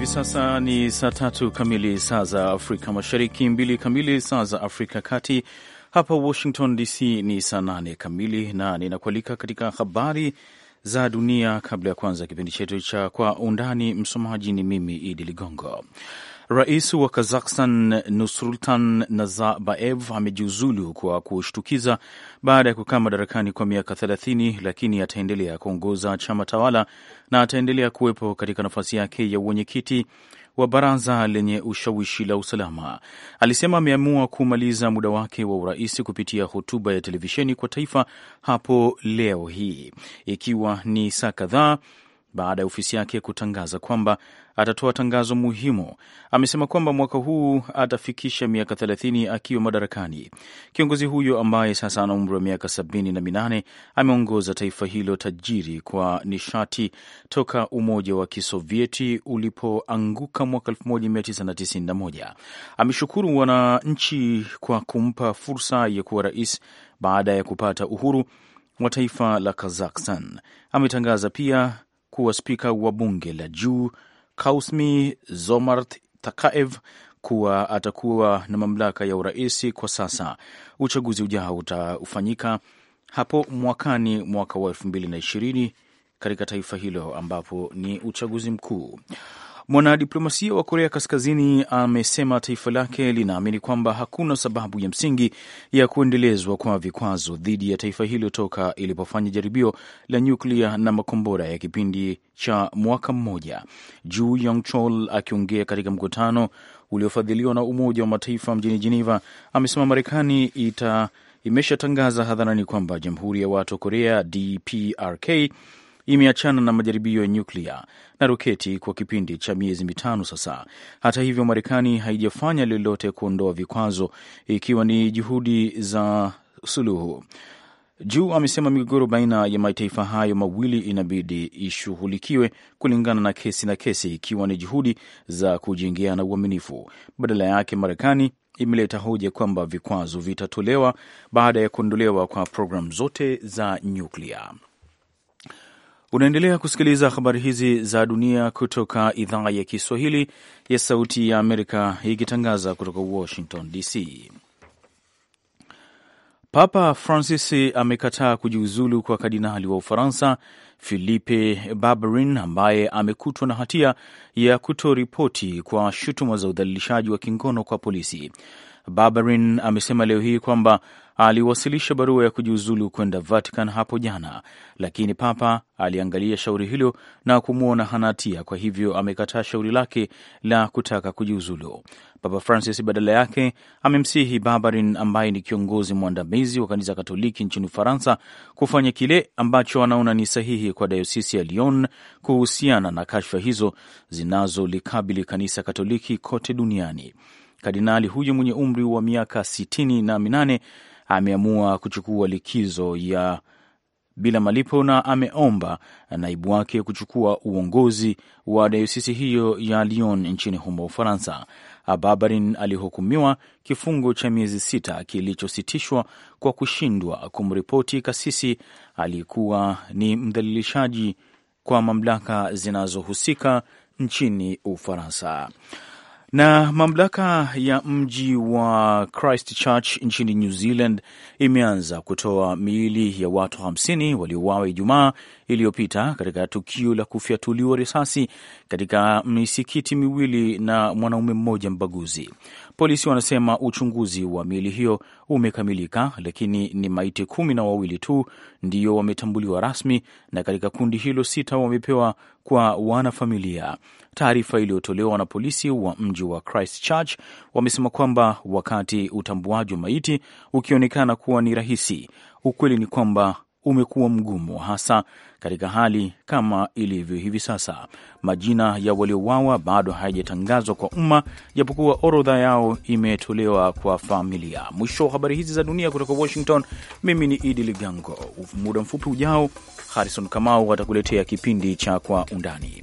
Hivi sasa ni saa tatu kamili saa za Afrika Mashariki, mbili kamili saa za Afrika Kati. Hapa Washington DC ni saa nane kamili, na ninakualika katika habari za dunia. Kabla ya kuanza kipindi chetu cha Kwa Undani, msomaji ni mimi Idi Ligongo. Rais wa Kazakhstan Nursultan Nazarbayev amejiuzulu kwa kushtukiza baada ya kukaa madarakani kwa miaka thelathini, lakini ataendelea kuongoza chama tawala na ataendelea kuwepo katika nafasi yake ya uwenyekiti wa baraza lenye ushawishi la usalama. Alisema ameamua kumaliza muda wake wa urais kupitia hotuba ya televisheni kwa taifa hapo leo hii, ikiwa ni saa kadhaa baada ya ofisi yake kutangaza kwamba atatoa tangazo muhimu. Amesema kwamba mwaka huu atafikisha miaka 30 akiwa madarakani. Kiongozi huyo ambaye sasa ana umri wa miaka 78 ameongoza taifa hilo tajiri kwa nishati toka Umoja wa Kisovieti ulipoanguka mwaka 1991. Ameshukuru wananchi kwa kumpa fursa ya kuwa rais baada ya kupata uhuru wa taifa la Kazakhstan. Ametangaza pia kuwa spika wa bunge la juu Kausmi Zomart Takaev kuwa atakuwa na mamlaka ya uraisi kwa sasa. Uchaguzi ujao utafanyika hapo mwakani, mwaka wa elfu mbili na ishirini katika taifa hilo ambapo ni uchaguzi mkuu. Mwanadiplomasia wa Korea Kaskazini amesema taifa lake linaamini kwamba hakuna sababu ya msingi ya kuendelezwa kwa vikwazo dhidi ya taifa hilo toka ilipofanya jaribio la nyuklia na makombora ya kipindi cha mwaka mmoja. Ju Yong Chol akiongea katika mkutano uliofadhiliwa na Umoja wa Mataifa mjini Jeneva amesema Marekani ita imeshatangaza hadharani kwamba Jamhuri ya Watu wa Korea DPRK imeachana na majaribio ya nyuklia na roketi kwa kipindi cha miezi mitano sasa. Hata hivyo, Marekani haijafanya lolote kuondoa vikwazo, ikiwa ni juhudi za suluhu. Juu amesema migogoro baina ya mataifa hayo mawili inabidi ishughulikiwe kulingana na kesi na kesi, ikiwa ni juhudi za na uaminifu. Badala yake, Marekani imeleta hoja kwamba vikwazo vitatolewa baada ya kuondolewa kwa programu zote za nyuklia. Unaendelea kusikiliza habari hizi za dunia kutoka idhaa ya Kiswahili ya Sauti ya Amerika ikitangaza kutoka Washington DC. Papa Francis amekataa kujiuzulu kwa kardinali wa Ufaransa Philippe Barbarin ambaye amekutwa na hatia ya kutoripoti kwa shutuma za udhalilishaji wa kingono kwa polisi. Barbarin amesema leo hii kwamba aliwasilisha barua ya kujiuzulu kwenda Vatican hapo jana, lakini Papa aliangalia shauri hilo na kumwona hana hatia, kwa hivyo amekataa shauri lake la kutaka kujiuzulu. Papa Francis badala yake amemsihi Barbarin ambaye ni kiongozi mwandamizi wa kanisa Katoliki nchini Ufaransa kufanya kile ambacho anaona ni sahihi kwa dayosisi ya Lyon kuhusiana na kashfa hizo zinazolikabili kanisa Katoliki kote duniani. Kardinali huyo mwenye umri wa miaka sitini na minane ameamua kuchukua likizo ya bila malipo na ameomba naibu wake kuchukua uongozi wa dayosisi hiyo ya Lyon nchini humo Ufaransa. Ababarin alihukumiwa kifungo cha miezi sita kilichositishwa kwa kushindwa kumripoti kasisi aliyekuwa ni mdhalilishaji kwa mamlaka zinazohusika nchini Ufaransa. Na mamlaka ya mji wa Christchurch nchini New Zealand imeanza kutoa miili ya watu 50 waliouawa Ijumaa iliyopita katika tukio la kufyatuliwa risasi katika misikiti miwili na mwanaume mmoja mbaguzi. Polisi wanasema uchunguzi wa miili hiyo umekamilika, lakini ni maiti kumi na wawili tu ndiyo wametambuliwa rasmi, na katika kundi hilo sita wamepewa kwa wanafamilia. Taarifa iliyotolewa na polisi wa mji wa Christchurch wamesema kwamba wakati utambuaji wa maiti ukionekana kuwa ni rahisi, ukweli ni kwamba umekuwa mgumu, hasa katika hali kama ilivyo hivi sasa. Majina ya waliouawa bado hayajatangazwa kwa umma, japokuwa orodha yao imetolewa kwa familia. Mwisho wa habari hizi za dunia kutoka Washington, mimi ni Idi Ligango. Muda mfupi ujao, Harrison Kamau atakuletea kipindi cha Kwa Undani.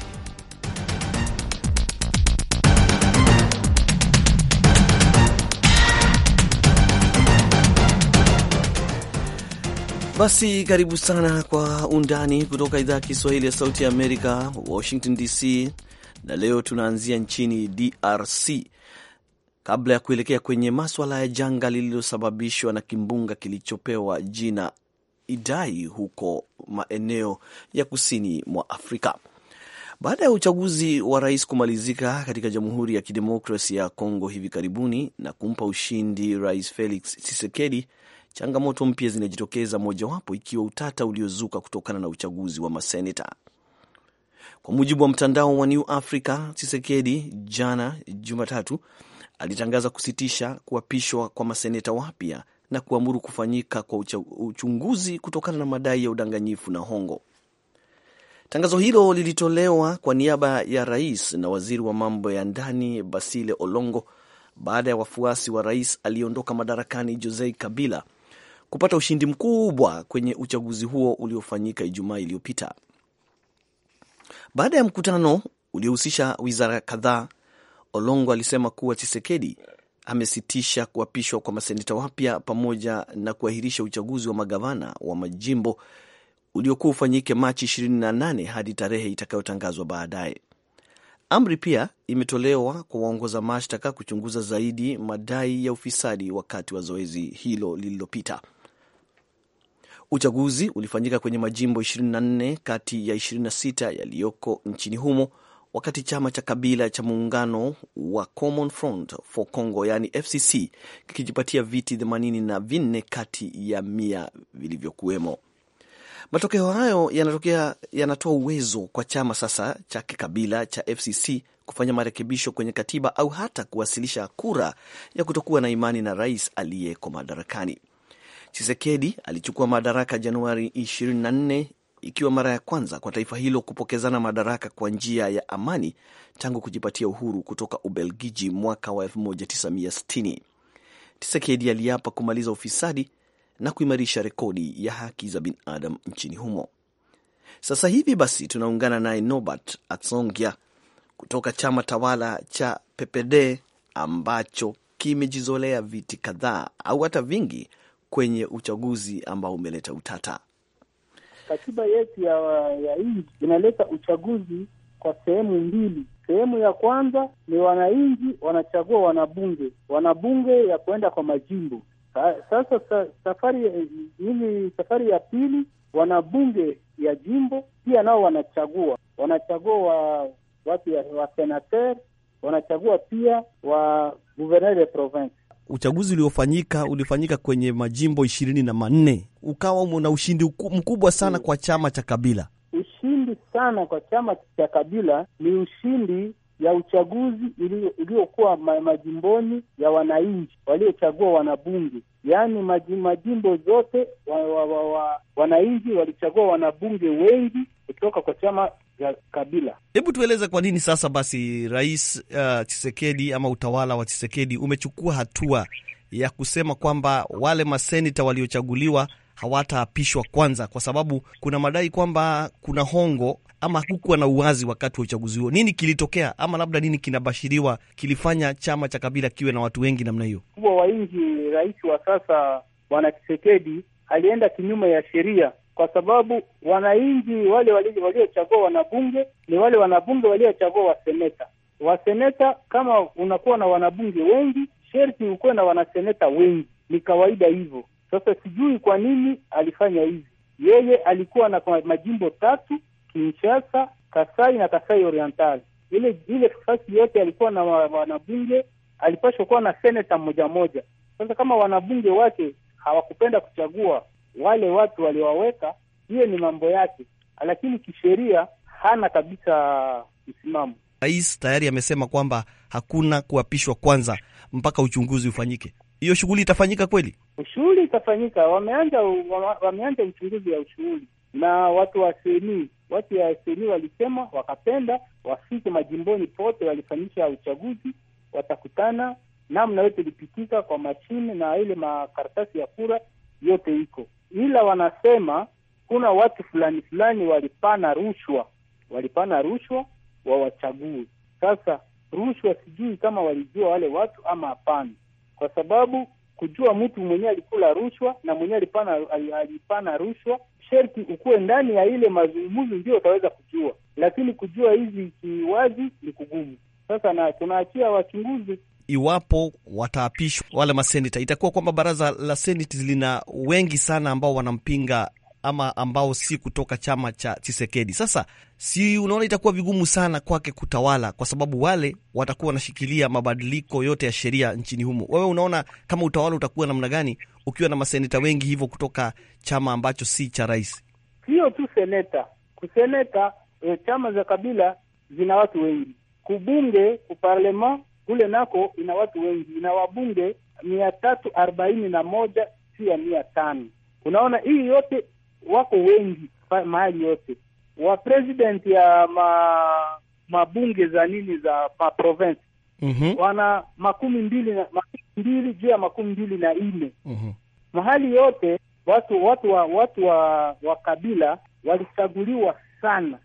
Basi karibu sana kwa undani kutoka idhaa ya Kiswahili ya Sauti ya Amerika, Washington DC, na leo tunaanzia nchini DRC kabla ya kuelekea kwenye maswala ya janga lililosababishwa na kimbunga kilichopewa jina Idai huko maeneo ya kusini mwa Afrika. Baada ya uchaguzi wa rais kumalizika katika Jamhuri ya Kidemokrasia ya Kongo hivi karibuni na kumpa ushindi Rais Felix Tshisekedi, changamoto mpya zinajitokeza, mojawapo ikiwa utata uliozuka kutokana na uchaguzi wa maseneta. Kwa mujibu wa mtandao wa New Africa, Chisekedi jana Jumatatu alitangaza kusitisha kuapishwa kwa maseneta wapya na kuamuru kufanyika kwa uchunguzi kutokana na madai ya udanganyifu na hongo. Tangazo hilo lilitolewa kwa niaba ya rais na waziri wa mambo ya ndani Basile Olongo baada ya wafuasi wa rais aliyeondoka madarakani jose Kabila kupata ushindi mkubwa kwenye uchaguzi huo uliofanyika Ijumaa iliyopita. Baada ya mkutano uliohusisha wizara kadhaa, Olongo alisema kuwa Chisekedi amesitisha kuapishwa kwa maseneta wapya pamoja na kuahirisha uchaguzi wa magavana wa majimbo uliokuwa ufanyike Machi 28 hadi tarehe itakayotangazwa baadaye. Amri pia imetolewa kwa waongoza mashtaka kuchunguza zaidi madai ya ufisadi wakati wa zoezi hilo lililopita. Uchaguzi ulifanyika kwenye majimbo 24 kati ya 26 yaliyoko nchini humo, wakati chama cha kabila cha muungano wa Common Front for Congo yani FCC kikijipatia viti 84 kati ya mia vilivyokuwemo. Matokeo hayo yanatokea yanatoa uwezo kwa chama sasa cha kikabila cha FCC kufanya marekebisho kwenye katiba au hata kuwasilisha kura ya kutokuwa na imani na rais aliyeko madarakani. Chisekedi alichukua madaraka Januari 24 ikiwa mara ya kwanza kwa taifa hilo kupokezana madaraka kwa njia ya amani tangu kujipatia uhuru kutoka Ubelgiji mwaka wa 1960. tisekedi aliapa kumaliza ufisadi na kuimarisha rekodi ya haki za binadamu nchini humo. Sasa hivi basi tunaungana naye nobert Atsongia kutoka chama tawala cha PPD ambacho kimejizolea viti kadhaa au hata vingi kwenye uchaguzi ambao umeleta utata. Katiba yetu ya, ya nchi inaleta uchaguzi kwa sehemu mbili. Sehemu ya kwanza ni wananchi wanachagua wanabunge, wanabunge ya kuenda kwa majimbo. Sasa sa, safari safari ya pili wanabunge ya jimbo pia nao wanachagua, wanachagua wa watu wa senater, wanachagua pia wa gouverneur de province uchaguzi uliofanyika ulifanyika kwenye majimbo ishirini na manne ukawa una ushindi mkubwa sana kwa chama cha Kabila. Ushindi sana kwa chama cha Kabila ni ushindi ya uchaguzi iliyokuwa majimboni ya wananchi waliochagua wanabunge, yaani majimbo zote wa, wa, wa, wa, wananchi walichagua wanabunge wengi kutoka kwa chama ya kabila. Hebu tueleze kwa nini sasa basi Rais uh, Chisekedi ama utawala wa Chisekedi umechukua hatua ya kusema kwamba wale maseneta waliochaguliwa hawataapishwa kwanza, kwa sababu kuna madai kwamba kuna hongo ama hakukuwa na uwazi wakati wa uchaguzi huo. Nini kilitokea, ama labda nini kinabashiriwa kilifanya chama cha kabila kiwe na watu wengi namna hiyo? Kubwa wa nchi, rais wa sasa Bwana chisekedi alienda kinyume ya sheria kwa sababu wananchi wale waliochagua wanabunge ni wale wanabunge waliochagua waseneta. Waseneta, kama unakuwa na wanabunge wengi, sherti ukuwe na wanaseneta wengi, ni kawaida hivyo. Sasa sijui kwa nini alifanya hivi. Yeye alikuwa na majimbo tatu, Kinshasa, Kasai na Kasai Oriental. Ile ile fasi yote alikuwa na wanabunge, alipashwa kuwa na seneta mmoja moja. Sasa kama wanabunge wake hawakupenda kuchagua wale watu waliowaweka, hiyo ni mambo yake, lakini kisheria hana kabisa msimamo. Rais tayari amesema kwamba hakuna kuapishwa kwanza mpaka uchunguzi ufanyike. Hiyo shughuli itafanyika kweli? Shughuli itafanyika, wameanza wameanza uchunguzi wa ushughuli na watu wa seni watu ya seni walisema wakapenda wafike majimboni pote, walifanyisha uchaguzi, watakutana namna yote ilipitika kwa mashine na ile makaratasi ya kura yote iko ila wanasema kuna watu fulani fulani walipana rushwa, walipana rushwa wawachague. Sasa rushwa, sijui kama walijua wale watu ama hapana, kwa sababu kujua mtu mwenye alikula rushwa na mwenye alipana, alipana rushwa sherti ukuwe ndani ya ile mazungumzo, ndio utaweza kujua, lakini kujua hizi kiwazi ni kugumu. Sasa na tunaachia wachunguzi iwapo wataapishwa wale maseneta, itakuwa kwamba baraza la seneti lina wengi sana ambao wanampinga ama ambao si kutoka chama cha Chisekedi. Sasa si unaona, itakuwa vigumu sana kwake kutawala, kwa sababu wale watakuwa wanashikilia mabadiliko yote ya sheria nchini humo. Wewe unaona kama utawala utakuwa namna gani ukiwa na maseneta wengi hivyo kutoka chama ambacho si cha rais? Hiyo tu seneta kuseneta, e, eh, chama za kabila zina watu wengi, kubunge, kuparlema kule nako ina watu wengi, ina wabunge mia tatu arobaini na moja si ya mia tano. Unaona, hii yote wako wengi mahali yote, wa president ya ma, mabunge za nini za maprovensi mm -hmm. wana makumi mbili na makumi mbili juu ya makumi mbili na nne mm -hmm. mahali yote watu watu wa watu wa, wa kabila walichaguliwa sana.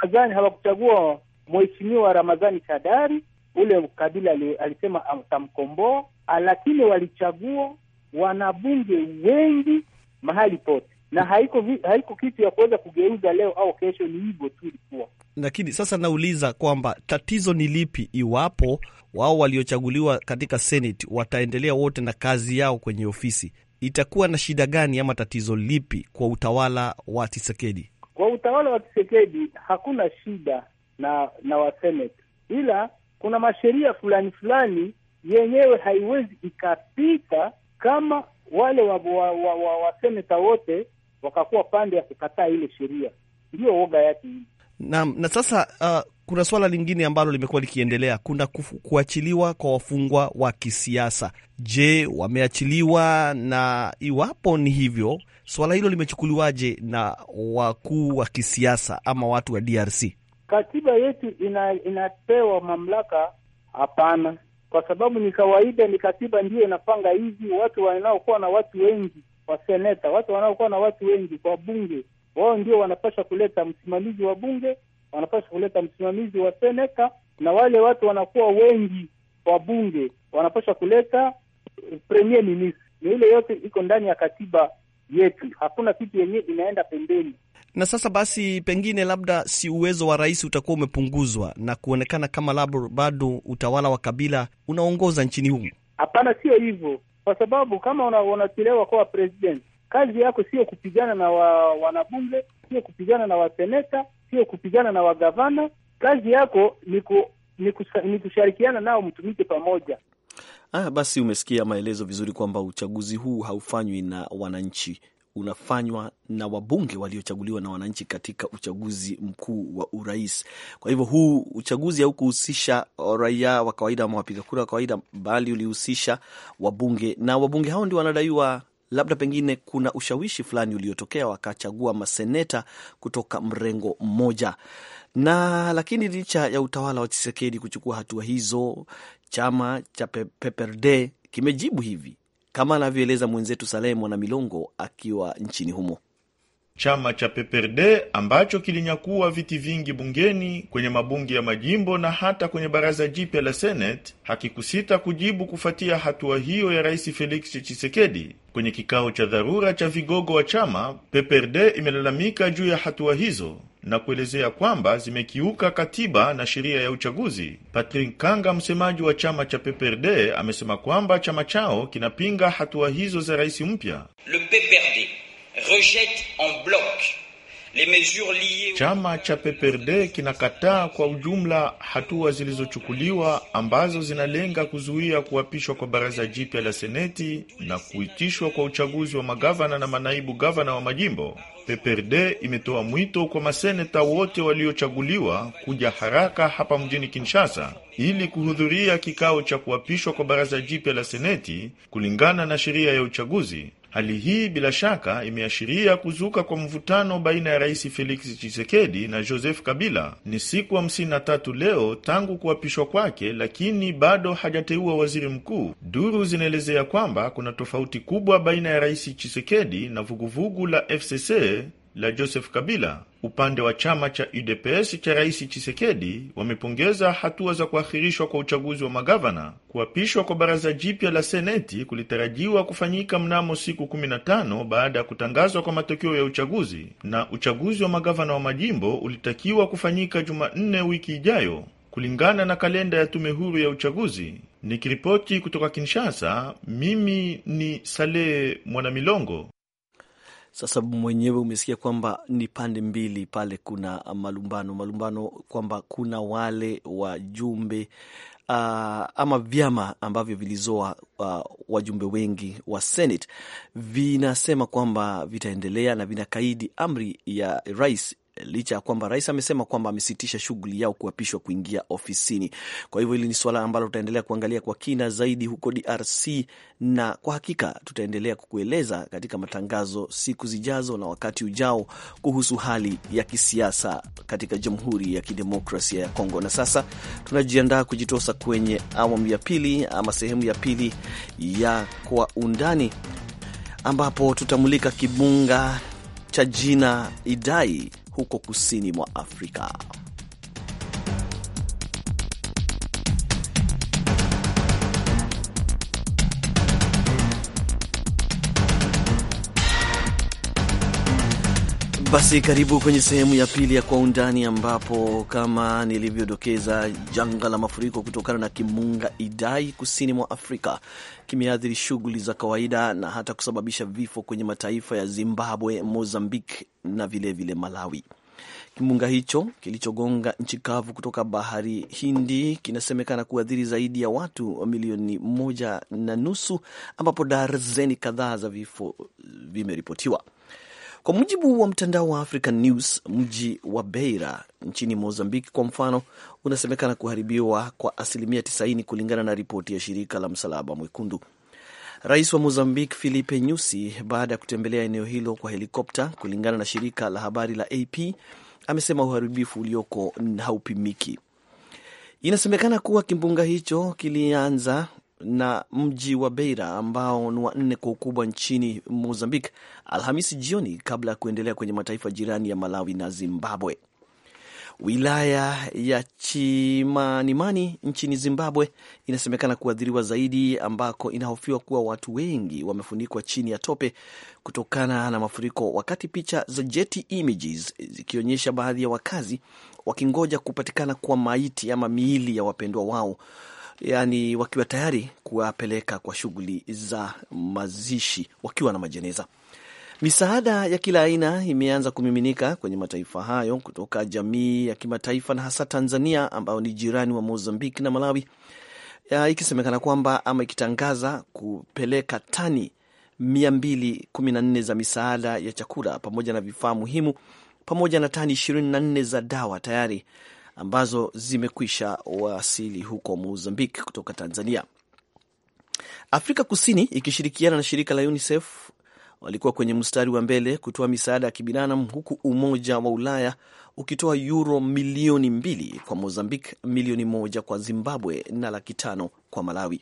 Ramadhani hawakuchagua mheshimiwa Ramadhani Shadari ule Kabila alisema atamkomboa, ah, lakini walichagua wanabunge wengi mahali pote, na haiko haiko kitu ya kuweza kugeuza leo au kesho, ni hivyo tu ilikuwa. Lakini sasa nauliza kwamba tatizo ni lipi iwapo wao waliochaguliwa katika Senate wataendelea wote na kazi yao kwenye ofisi, itakuwa na shida gani ama tatizo lipi kwa utawala wa tisekedi Kwa utawala wa tisekedi hakuna shida na na wasenate, ila kuna masheria fulani fulani yenyewe haiwezi ikapita kama wale waseneta wa, wa, wa wote wakakuwa pande ya kukataa ile sheria, ndiyo woga yake hii Naam, na sasa uh, kuna suala lingine ambalo limekuwa likiendelea, kuna kufu, kuachiliwa kwa wafungwa wa kisiasa. Je, wameachiliwa? Na iwapo ni hivyo, swala hilo limechukuliwaje na wakuu wa kisiasa ama watu wa DRC? katiba yetu ina, inapewa mamlaka? Hapana, kwa sababu ni kawaida, ni katiba ndiyo inapanga hivi. Watu wanaokuwa na watu wengi kwa seneta, watu wanaokuwa na watu wengi kwa bunge, wao ndio wanapasha kuleta msimamizi wa bunge, wanapasha kuleta msimamizi wa seneta, na wale watu wanakuwa wengi kwa bunge wanapasha kuleta eh, premier minister. Ni ile yote iko ndani ya katiba yetu, hakuna kitu yenyewe inaenda pembeni. Na sasa basi, pengine labda si uwezo wa rais utakuwa umepunguzwa na kuonekana kama labda bado utawala wa kabila unaongoza nchini humu? Hapana, sio hivyo, kwa sababu kama unachelewa kuwa president, kazi yako sio kupigana na wa, wanabunge, sio kupigana na waseneta, sio kupigana na wagavana. Kazi yako ni ku, ni, ni kushirikiana nao mtumike pamoja. Ah, basi umesikia maelezo vizuri kwamba uchaguzi huu haufanywi na wananchi unafanywa na wabunge waliochaguliwa na wananchi katika uchaguzi mkuu wa urais. Kwa hivyo huu uchaguzi haukuhusisha raia wa kawaida ama wapiga kura wa kawaida, bali ulihusisha wabunge, na wabunge hao ndio wanadaiwa labda pengine kuna ushawishi fulani uliotokea, wakachagua maseneta kutoka mrengo mmoja. Na lakini licha ya utawala wa chisekedi kuchukua hatua hizo, chama cha PPRD kimejibu hivi kama anavyoeleza mwenzetu Salehe Mwanamilongo Milongo akiwa nchini humo chama cha PPRD ambacho kilinyakuwa viti vingi bungeni kwenye mabunge ya majimbo na hata kwenye baraza jipya la Senate hakikusita kujibu kufuatia hatua hiyo ya Rais Felix Tshisekedi. Kwenye kikao cha dharura cha vigogo wa chama, PPRD imelalamika juu ya hatua hizo na kuelezea kwamba zimekiuka katiba na sheria ya uchaguzi. Patrick Kanga, msemaji wa chama cha PPRD, amesema kwamba chama chao kinapinga hatua hizo za rais mpya. Le PPRD En bloc, les mesures liées... Chama cha PPRD kinakataa kwa ujumla hatua zilizochukuliwa ambazo zinalenga kuzuia kuapishwa kwa baraza jipya la seneti na kuitishwa kwa uchaguzi wa magavana na manaibu gavana wa majimbo. PPRD imetoa mwito kwa maseneta wote waliochaguliwa kuja haraka hapa mjini Kinshasa ili kuhudhuria kikao cha kuapishwa kwa baraza jipya la seneti kulingana na sheria ya uchaguzi. Hali hii bila shaka imeashiria kuzuka kwa mvutano baina ya Rais Felix Tshisekedi na Joseph Kabila. Ni siku 53 leo tangu kuapishwa kwake, lakini bado hajateua waziri mkuu. Duru zinaelezea kwamba kuna tofauti kubwa baina ya Rais Tshisekedi na vuguvugu la FCC la Joseph Kabila upande wa chama cha UDPS cha Rais Chisekedi wamepongeza hatua za kuahirishwa kwa uchaguzi wa magavana. Kuapishwa kwa baraza jipya la seneti kulitarajiwa kufanyika mnamo siku 15 baada ya kutangazwa kwa matokeo ya uchaguzi, na uchaguzi wa magavana wa majimbo ulitakiwa kufanyika Jumanne wiki ijayo kulingana na kalenda ya tume huru ya uchaguzi. Nikiripoti kutoka Kinshasa, mimi ni Saleh Mwanamilongo. Sasa mwenyewe umesikia kwamba ni pande mbili pale, kuna malumbano malumbano, kwamba kuna wale wajumbe uh, ama vyama ambavyo vilizoa uh, wajumbe wengi wa Senate vinasema kwamba vitaendelea na vinakaidi amri ya rais licha ya kwamba rais amesema kwamba amesitisha shughuli yao kuapishwa kuingia ofisini. Kwa hivyo hili ni suala ambalo tutaendelea kuangalia kwa kina zaidi huko DRC, na kwa hakika tutaendelea kukueleza katika matangazo siku zijazo na wakati ujao kuhusu hali ya kisiasa katika Jamhuri ya Kidemokrasia ya Kongo. Na sasa tunajiandaa kujitosa kwenye awamu ya pili ama sehemu ya pili ya Kwa Undani ambapo tutamulika kibunga cha jina Idai huko kusini mwa Afrika. Basi karibu kwenye sehemu ya pili ya Kwa Undani, ambapo kama nilivyodokeza, janga la mafuriko kutokana na kimunga Idai kusini mwa Afrika kimeathiri shughuli za kawaida na hata kusababisha vifo kwenye mataifa ya Zimbabwe, Mozambique na vilevile vile Malawi. kimunga hicho kilichogonga nchi kavu kutoka bahari Hindi kinasemekana kuathiri zaidi ya watu milioni moja na nusu ambapo darzeni kadhaa za vifo vimeripotiwa. Kwa mujibu wa mtandao wa African News, mji wa Beira nchini Mozambiki kwa mfano unasemekana kuharibiwa kwa asilimia 90 kulingana na ripoti ya shirika la Msalaba Mwekundu. Rais wa Mozambique Filipe Nyusi, baada ya kutembelea eneo hilo kwa helikopta, kulingana na shirika la habari la AP, amesema uharibifu ulioko haupimiki. Inasemekana kuwa kimbunga hicho kilianza na mji wa Beira ambao ni wa nne kwa ukubwa nchini Mozambique Alhamisi jioni kabla ya kuendelea kwenye mataifa jirani ya Malawi na Zimbabwe. Wilaya ya Chimanimani nchini Zimbabwe inasemekana kuathiriwa zaidi, ambako inahofiwa kuwa watu wengi wamefunikwa chini ya tope kutokana na mafuriko, wakati picha za Getty Images zikionyesha baadhi ya wakazi wakingoja kupatikana kwa maiti ama miili ya wapendwa wao yani wakiwa tayari kuwapeleka kwa shughuli za mazishi wakiwa na majeneza. Misaada ya kila aina imeanza kumiminika kwenye mataifa hayo kutoka jamii ya kimataifa na hasa Tanzania ambayo ni jirani wa Mozambiki na Malawi, ikisemekana kwamba ama ikitangaza kupeleka tani 214 za misaada ya chakula pamoja na vifaa muhimu pamoja na tani 24 za dawa tayari ambazo zimekwisha wasili huko Mozambique kutoka Tanzania. Afrika Kusini ikishirikiana na shirika la UNICEF walikuwa kwenye mstari wa mbele kutoa misaada ya kibinadamu huku Umoja wa Ulaya ukitoa yuro milioni mbili kwa Mozambique, milioni moja kwa Zimbabwe na laki tano kwa Malawi.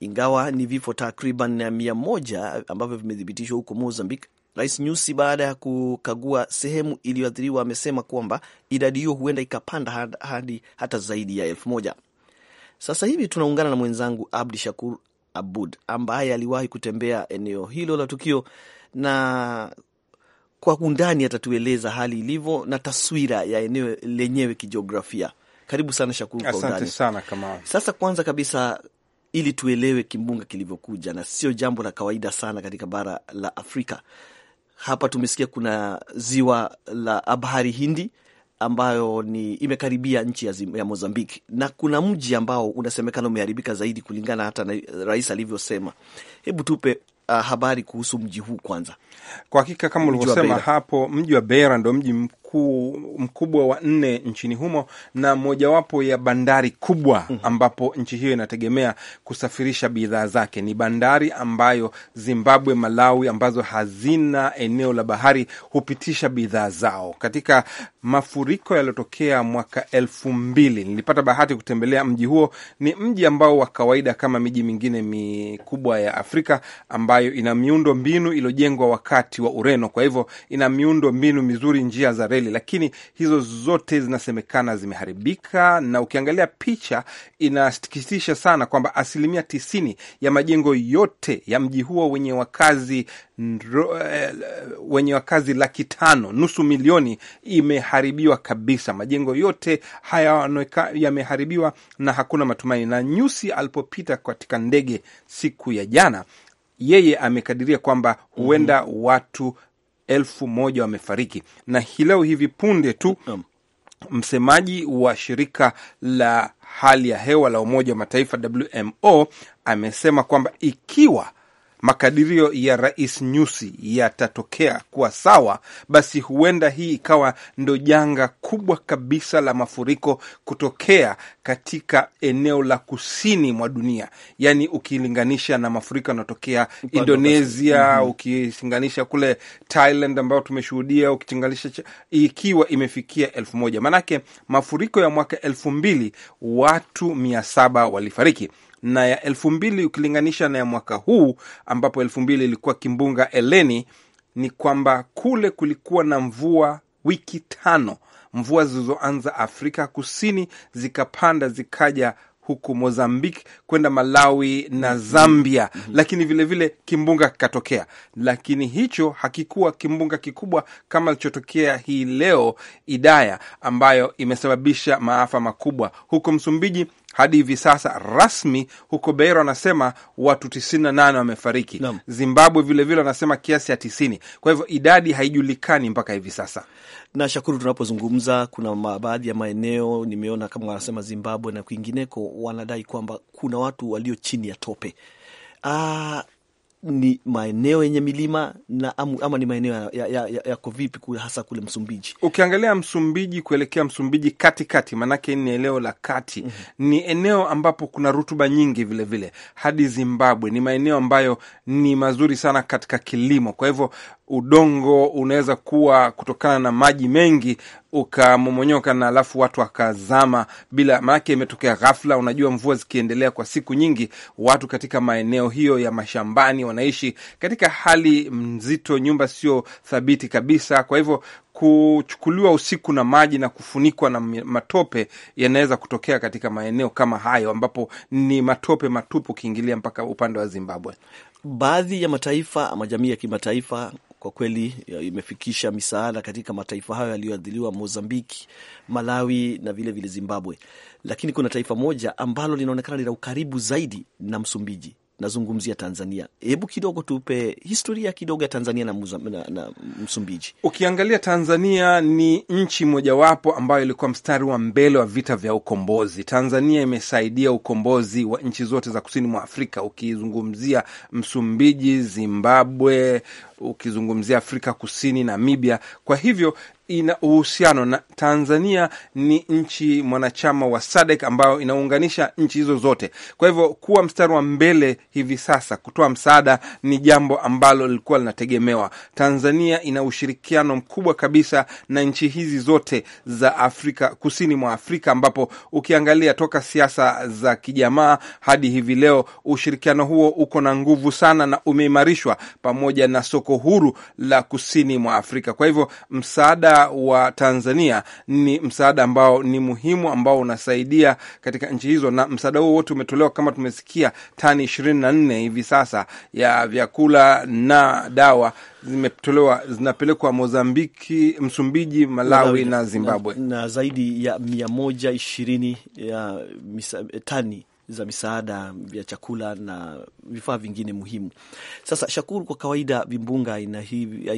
Ingawa ni vifo takriban mia moja ambavyo vimethibitishwa huko Mozambique, Rais Nyusi baada ya kukagua sehemu iliyoathiriwa amesema kwamba idadi hiyo huenda ikapanda hadi hata zaidi ya elfu moja. Sasa hivi tunaungana na mwenzangu Abdi Shakur Abud ambaye aliwahi kutembea eneo hilo la tukio na kwa undani atatueleza hali ilivyo na taswira ya eneo lenyewe kijiografia. Karibu sana Shakuru. Asante sana kama. Sasa kwanza kabisa, ili tuelewe kimbunga kilivyokuja, na sio jambo la kawaida sana katika bara la Afrika, hapa tumesikia kuna ziwa la bahari Hindi ambayo ni imekaribia nchi ya, ya Mozambiki na kuna mji ambao unasemekana umeharibika zaidi kulingana hata na rais alivyosema. Hebu tupe uh, habari kuhusu mji huu kwanza. Kwa hakika kama ulivyosema hapo, mji wa Beira ndo mji mkuu mkubwa wa nne nchini humo na mojawapo ya bandari kubwa mhm. ambapo nchi hiyo inategemea kusafirisha bidhaa zake. Ni bandari ambayo Zimbabwe, Malawi ambazo hazina eneo la bahari hupitisha bidhaa zao. Katika mafuriko yaliyotokea mwaka elfu mbili nilipata bahati kutembelea mji huo. Ni mji ambao wa kawaida kama miji mingine mikubwa ya Afrika ambayo ina miundo mbinu iliyojengwa wakati wa Ureno, kwa hivyo ina miundo mbinu mizuri, njia za reli kweli, lakini hizo zote zinasemekana zimeharibika, na ukiangalia picha inasikitisha sana kwamba asilimia tisini ya majengo yote ya mji huo wenye wakazi eh, wenye wakazi laki tano nusu milioni imeharibiwa kabisa. Majengo yote haya yameharibiwa na hakuna matumaini. Na Nyusi alipopita katika ndege siku ya jana, yeye amekadiria kwamba mhm. huenda watu elfu moja wamefariki, na hii leo hivi punde tu Msemaji wa shirika la hali ya hewa la Umoja wa Mataifa WMO amesema kwamba ikiwa makadirio ya Rais Nyusi yatatokea kuwa sawa, basi huenda hii ikawa ndo janga kubwa kabisa la mafuriko kutokea katika eneo la kusini mwa dunia, yaani ukilinganisha na mafuriko yanayotokea Indonesia, mm -hmm. ukilinganisha kule Thailand ambayo tumeshuhudia, ukilinganisha ikiwa imefikia elfu moja maanake mafuriko ya mwaka elfu mbili watu mia saba walifariki na ya elfu mbili ukilinganisha na ya mwaka huu ambapo elfu mbili ilikuwa kimbunga Eleni, ni kwamba kule kulikuwa na mvua wiki tano, mvua zilizoanza Afrika Kusini zikapanda zikaja huku Mozambique kwenda Malawi na mhm. Zambia, mm -hmm. Lakini vilevile vile kimbunga kikatokea, lakini hicho hakikuwa kimbunga kikubwa kama ilichotokea hii leo Idaya, ambayo imesababisha maafa makubwa huko Msumbiji hadi hivi sasa rasmi huko Beira wanasema watu 98 wamefariki no. Zimbabwe vilevile wanasema vile kiasi ya tisini. Kwa hivyo idadi haijulikani mpaka hivi sasa. Na shakuru, tunapozungumza kuna baadhi ya maeneo nimeona kama wanasema Zimbabwe na kwingineko wanadai kwamba kuna watu walio chini ya tope. Aa, ah, ni maeneo yenye milima na ama ni maeneo yako vipi, hasa kule Msumbiji? Ukiangalia Msumbiji kuelekea Msumbiji katikati, maanake ni eneo la kati mm -hmm. ni eneo ambapo kuna rutuba nyingi vilevile vile. Hadi Zimbabwe ni maeneo ambayo ni mazuri sana katika kilimo, kwa hivyo udongo unaweza kuwa kutokana na maji mengi ukamomonyoka na alafu watu wakazama bila maanake, imetokea ghafla. Unajua, mvua zikiendelea kwa siku nyingi, watu katika maeneo hiyo ya mashambani wanaishi katika hali mzito, nyumba sio thabiti kabisa. Kwa hivyo kuchukuliwa usiku na maji na kufunikwa na matope yanaweza kutokea katika maeneo kama hayo, ambapo ni matope matupu ukiingilia mpaka upande wa Zimbabwe. Baadhi ya mataifa ama jamii ya kimataifa kwa kweli imefikisha misaada katika mataifa hayo yaliyoadhiliwa, Mozambiki, Malawi na vilevile vile Zimbabwe, lakini kuna taifa moja ambalo linaonekana lina ukaribu zaidi na Msumbiji nazungumzia Tanzania. Hebu kidogo tupe historia kidogo ya Tanzania na, muza, na, na Msumbiji. Ukiangalia Tanzania ni nchi mojawapo ambayo ilikuwa mstari wa mbele wa vita vya ukombozi. Tanzania imesaidia ukombozi wa nchi zote za kusini mwa Afrika, ukizungumzia Msumbiji, Zimbabwe, ukizungumzia Afrika Kusini, Namibia. Kwa hivyo ina uhusiano na Tanzania ni nchi mwanachama wa SADC ambayo inaunganisha nchi hizo zote. Kwa hivyo kuwa mstari wa mbele hivi sasa kutoa msaada ni jambo ambalo lilikuwa linategemewa. Tanzania ina ushirikiano mkubwa kabisa na nchi hizi zote za Afrika kusini mwa Afrika, ambapo ukiangalia toka siasa za kijamaa hadi hivi leo ushirikiano huo uko na nguvu sana na umeimarishwa, pamoja na soko huru la kusini mwa Afrika. Kwa hivyo msaada wa Tanzania ni msaada ambao ni muhimu, ambao unasaidia katika nchi hizo, na msaada huo wote umetolewa kama tumesikia, tani ishirini na nne hivi sasa ya vyakula na dawa zimetolewa zinapelekwa Mozambiki, Msumbiji, Malawi na, na Zimbabwe na, na zaidi ya mia moja ishirini ya misa, tani za misaada ya chakula na vifaa vingine muhimu. Sasa Shakuru, kwa kawaida vimbunga aina hii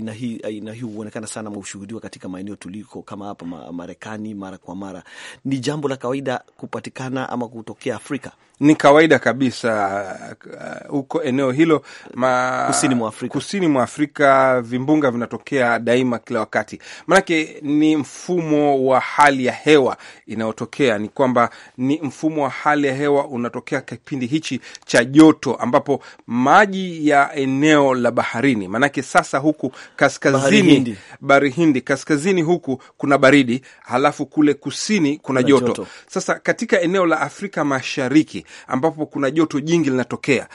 aina hii huonekana sana maushuhudiwa katika maeneo tuliko kama hapa Marekani mara kwa mara. Ni jambo la kawaida kupatikana ama kutokea Afrika? Ni kawaida kabisa uh, huko uh, eneo hilo ma... kusini mwa Afrika, kusini mwa Afrika vimbunga vinatokea daima kila wakati, maanake ni mfumo wa hali ya hewa inayotokea. Ni kwamba ni mfumo wa hali ya hewa unatokea kipindi hichi cha joto ambapo maji ya eneo la baharini, maanake sasa huku kaskazini bahari Hindi, bahari Hindi kaskazini huku kuna baridi, halafu kule kusini kuna joto. joto. Sasa katika eneo la Afrika Mashariki ambapo kuna joto jingi linatokea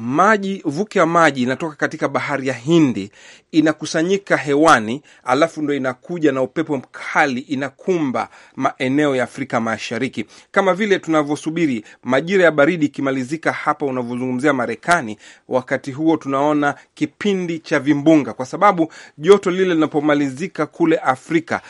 maji, vuke ya maji inatoka katika bahari ya Hindi inakusanyika hewani, alafu ndo inakuja na upepo mkali inakumba maeneo ya Afrika Mashariki, kama vile tunavyosubiri majira ya baridi ikimalizika. Hapa unavyozungumzia Marekani, wakati huo tunaona kipindi cha vimbunga, kwa sababu joto lile linapomalizika kule Afrika,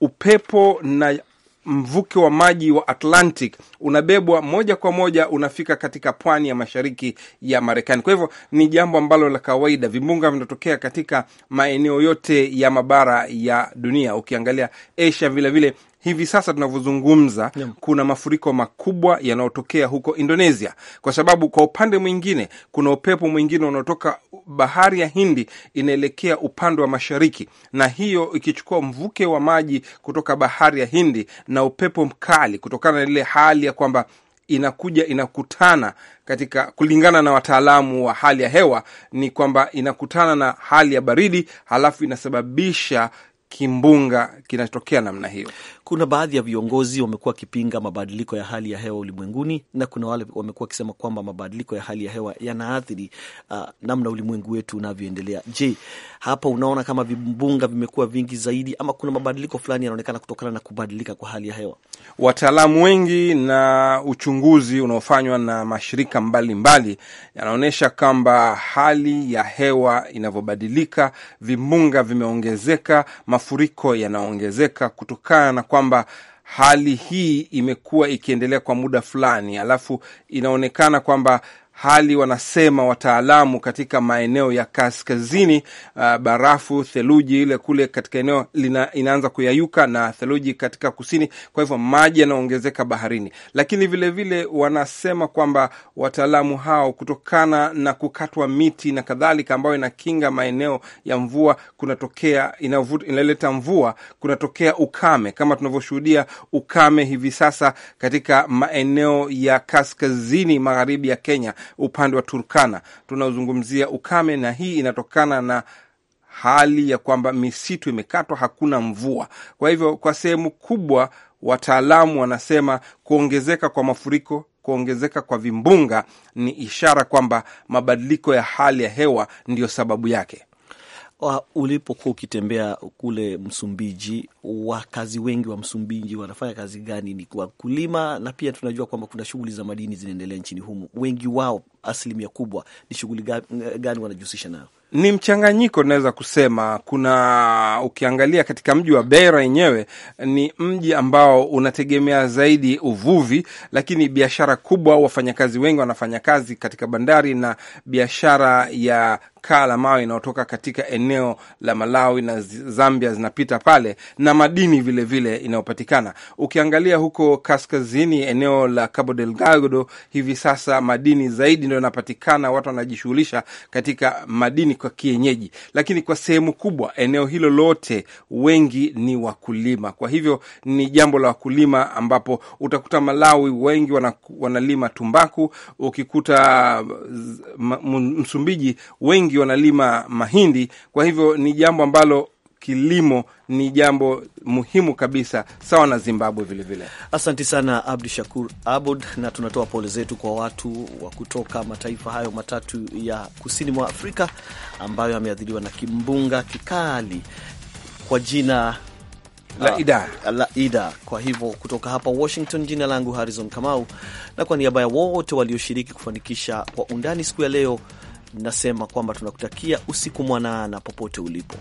upepo na mvuke wa maji wa Atlantic unabebwa moja kwa moja unafika katika pwani ya mashariki ya Marekani. Kwa hivyo ni jambo ambalo la kawaida, vimbunga vinatokea katika maeneo yote ya mabara ya dunia. Ukiangalia Asia vilevile hivi sasa tunavyozungumza, kuna mafuriko makubwa yanayotokea huko Indonesia, kwa sababu kwa upande mwingine kuna upepo mwingine unaotoka bahari ya Hindi inaelekea upande wa mashariki, na hiyo ikichukua mvuke wa maji kutoka bahari ya Hindi na upepo mkali, kutokana na ile hali ya kwamba inakuja inakutana katika kulingana na wataalamu wa hali ya hewa ni kwamba inakutana na hali ya baridi, halafu inasababisha kimbunga kinatokea namna hiyo. Kuna baadhi ya viongozi wamekuwa wakipinga mabadiliko ya hali ya hewa ulimwenguni na kuna wale wamekuwa wakisema kwamba mabadiliko ya hali ya hewa yanaathiri uh, namna ulimwengu wetu unavyoendelea. Je, hapa unaona kama vimbunga vimekuwa vingi zaidi ama kuna mabadiliko fulani yanaonekana kutokana na kubadilika kwa hali ya hewa? Wataalamu wengi na uchunguzi unaofanywa na mashirika mbalimbali yanaonyesha kwamba hali ya hewa inavyobadilika, vimbunga vimeongezeka, mafuriko yanaongezeka kutokana na kwamba hali hii imekuwa ikiendelea kwa muda fulani, alafu inaonekana kwamba hali wanasema wataalamu katika maeneo ya kaskazini. Uh, barafu theluji ile kule katika eneo lina, inaanza kuyayuka na theluji katika kusini, kwa hivyo maji yanaongezeka baharini. Lakini vilevile vile wanasema kwamba wataalamu hao, kutokana na kukatwa miti na kadhalika ambayo inakinga maeneo ya mvua, kunatokea inaleta mvua, kunatokea ukame kama tunavyoshuhudia ukame hivi sasa katika maeneo ya kaskazini magharibi ya Kenya upande wa Turkana tunaozungumzia ukame, na hii inatokana na hali ya kwamba misitu imekatwa, hakuna mvua. Kwa hivyo kwa sehemu kubwa wataalamu wanasema kuongezeka kwa mafuriko, kuongezeka kwa vimbunga ni ishara kwamba mabadiliko ya hali ya hewa ndiyo sababu yake. Ah, ulipokuwa ukitembea kule Msumbiji, wakazi wengi wa Msumbiji wanafanya kazi gani? Ni wakulima, na pia tunajua kwamba kuna shughuli za madini zinaendelea nchini humo. Wengi wao, asilimia kubwa, ni shughuli gani wanajihusisha nayo? Ni mchanganyiko, naweza kusema. Kuna ukiangalia katika mji wa Beira yenyewe ni mji ambao unategemea zaidi uvuvi, lakini biashara kubwa, wafanyakazi wengi wanafanya kazi katika bandari na biashara ya kaa la mawe inayotoka katika eneo la Malawi na Zambia zinapita pale na madini vilevile inayopatikana. Ukiangalia huko kaskazini, eneo la Cabo Delgado, hivi sasa madini zaidi ndio yanapatikana, watu wanajishughulisha katika madini kwa kienyeji, lakini kwa sehemu kubwa eneo hilo lote wengi ni wakulima. Kwa hivyo ni jambo la wakulima, ambapo utakuta Malawi wengi wanalima tumbaku, ukikuta Msumbiji wengi wengi wanalima mahindi. Kwa hivyo ni jambo ambalo kilimo ni jambo muhimu kabisa, sawa na Zimbabwe vilevile. Asanti sana Abdu Shakur Abud, na tunatoa pole zetu kwa watu wa kutoka mataifa hayo matatu ya kusini mwa Afrika ambayo yameathiriwa na kimbunga kikali kwa jina la ah, Ida. La Ida. Kwa hivyo kutoka hapa Washington, jina langu Harrison Kamau, na kwa niaba ya wote walioshiriki kufanikisha kwa undani siku ya leo nasema kwamba tunakutakia usiku mwanaana popote ulipo.